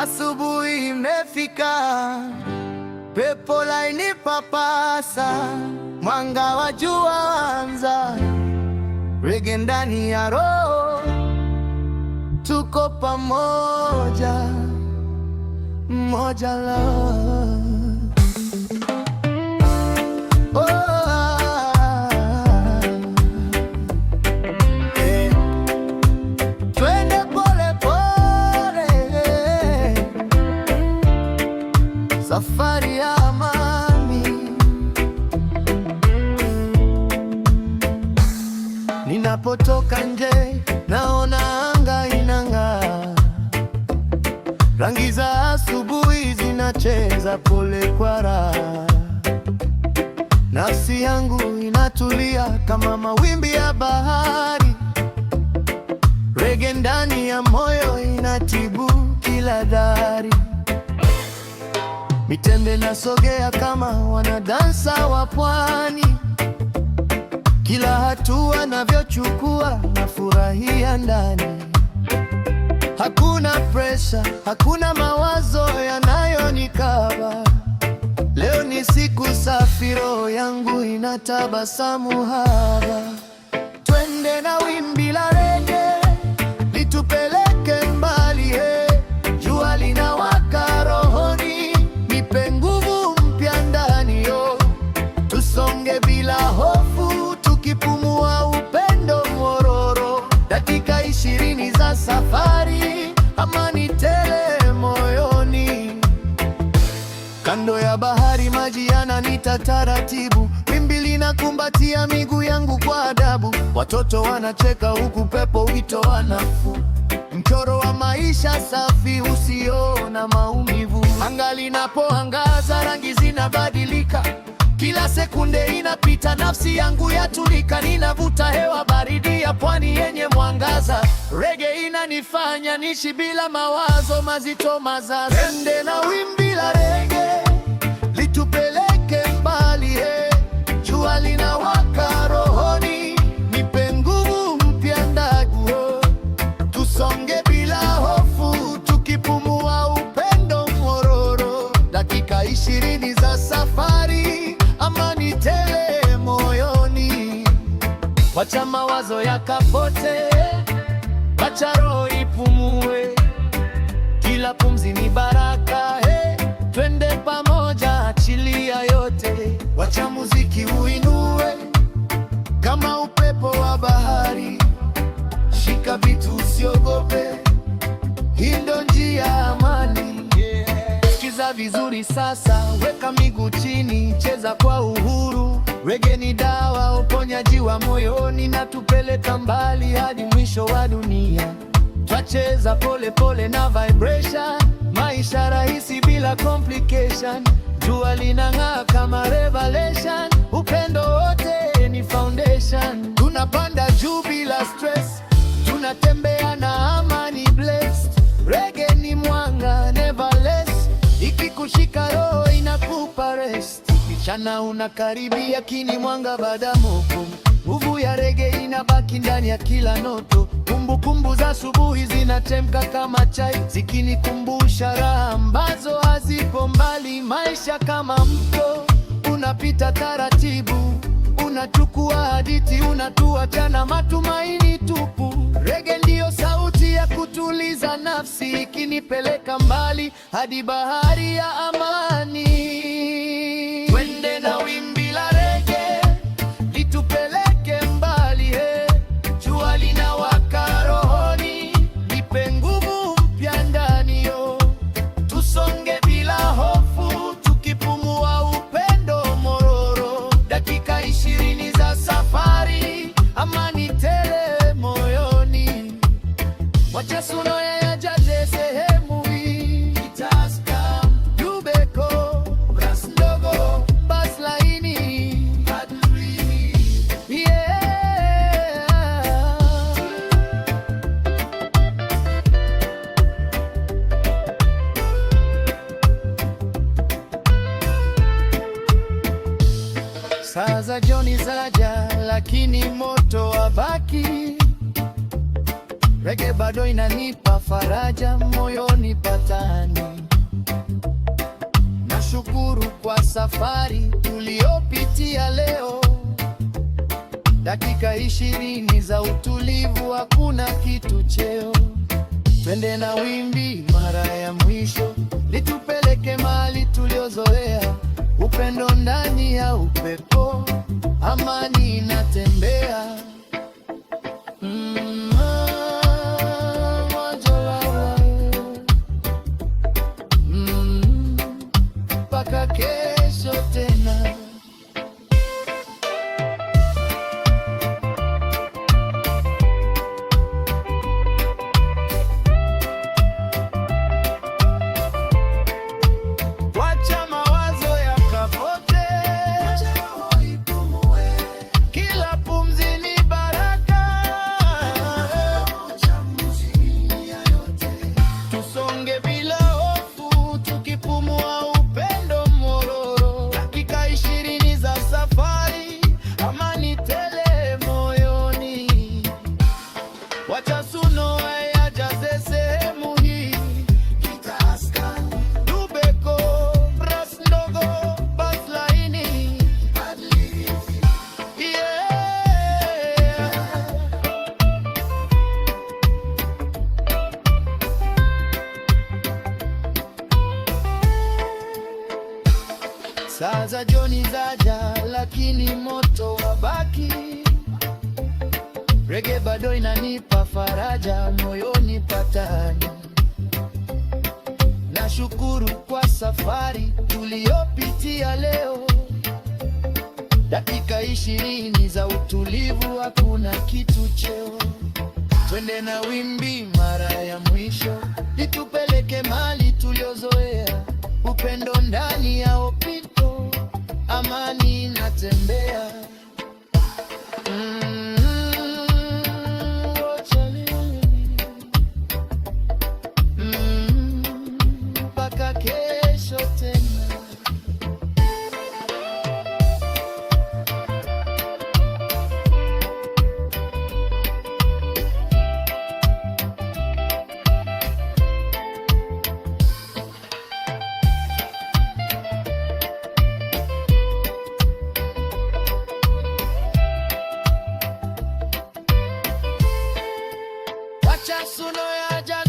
asubuhi imefika, pepo laini papasa, mwanga wa jua anza, rege ndani ya roho, tuko pamoja, mmoja love. Oh. safari ya amani. Ninapotoka nje, naona anga inang'aa, rangi za asubuhi zinacheza pole kwa raha. Nafsi yangu inatulia kama mawimbi ya bahari, rege ndani ya moyo inatibu kila dhari. Mitembe nasogea kama wanadansa wa pwani, kila hatua navyochukua nafurahia ndani. Hakuna presha, hakuna mawazo yanayonikaba. Leo ni siku safi, roho yangu inatabasamu haba. Twende na wimbi la reggae. napita taratibu, wimbi linakumbatia miguu yangu kwa adabu. Watoto wanacheka huku pepo wito wa mchoro wa maisha safi usio na maumivu. Anga linapoangaza rangi zinabadilika, kila sekunde inapita, nafsi yangu yatulika. Ninavuta hewa baridi ya pwani yenye mwangaza, rege inanifanya nishi bila mawazo mazito mazazi, tende na wimbi la jua linawaka rohoni, nipe nguvu mpya ndaguo, tusonge bila hofu, tukipumua upendo mororo, dakika ishirini za safari, amani tele moyoni. Wacha mawazo yakapote, wacha roho ipumue, kila pumzi ni baraka. Acha muziki uinue kama upepo wa bahari. Shika vitu, usiogope, hii ndo njia ya amani. Sikiza vizuri sasa, weka miguu chini, cheza kwa uhuru. Reggae ni dawa, uponyaji wa moyoni, na tupeleka mbali hadi mwisho wa dunia. Twacheza pole pole na vibration, maisha rahisi bila complication jua linang'aa kama revelation, upendo wote ni foundation. Tunapanda juu bila stress, tunatembea Mchana unakaribia kini mwanga bada moko nguvu ya rege inabaki ndani ya kila noto. Kumbukumbu za asubuhi zinatemka kama chai, zikinikumbusha raha ambazo hazipo mbali. Maisha kama mto unapita taratibu, unachukua hadithi, chana matumaini tupu. Rege ndiyo sauti ya kutuliza nafsi, ikinipeleka mbali hadi bahari ya amani. Wacha Sunoye yajaze sehemu hii, Karibeco, basi Saa za jioni zaja, lakini moto wabaki Reggae bado inanipa faraja moyoni patani. Nashukuru kwa safari tuliyopitia leo, dakika ishirini za utulivu, hakuna kitu cheo. Twende na wimbi mara ya mwisho, litupeleke mali tuliozoea, upendo ndani ya upepo, amani inatembea Saa za jioni zaja, lakini moto wabaki. Rege bado inanipa faraja, moyoni patani. Nashukuru kwa safari tuliyopitia leo, dakika ishirini za utulivu, hakuna kitu cheo. Twende na wimbi mara ya mwisho, litupeleke mali tuliozoea, upendo ndani yao amani natembea Naya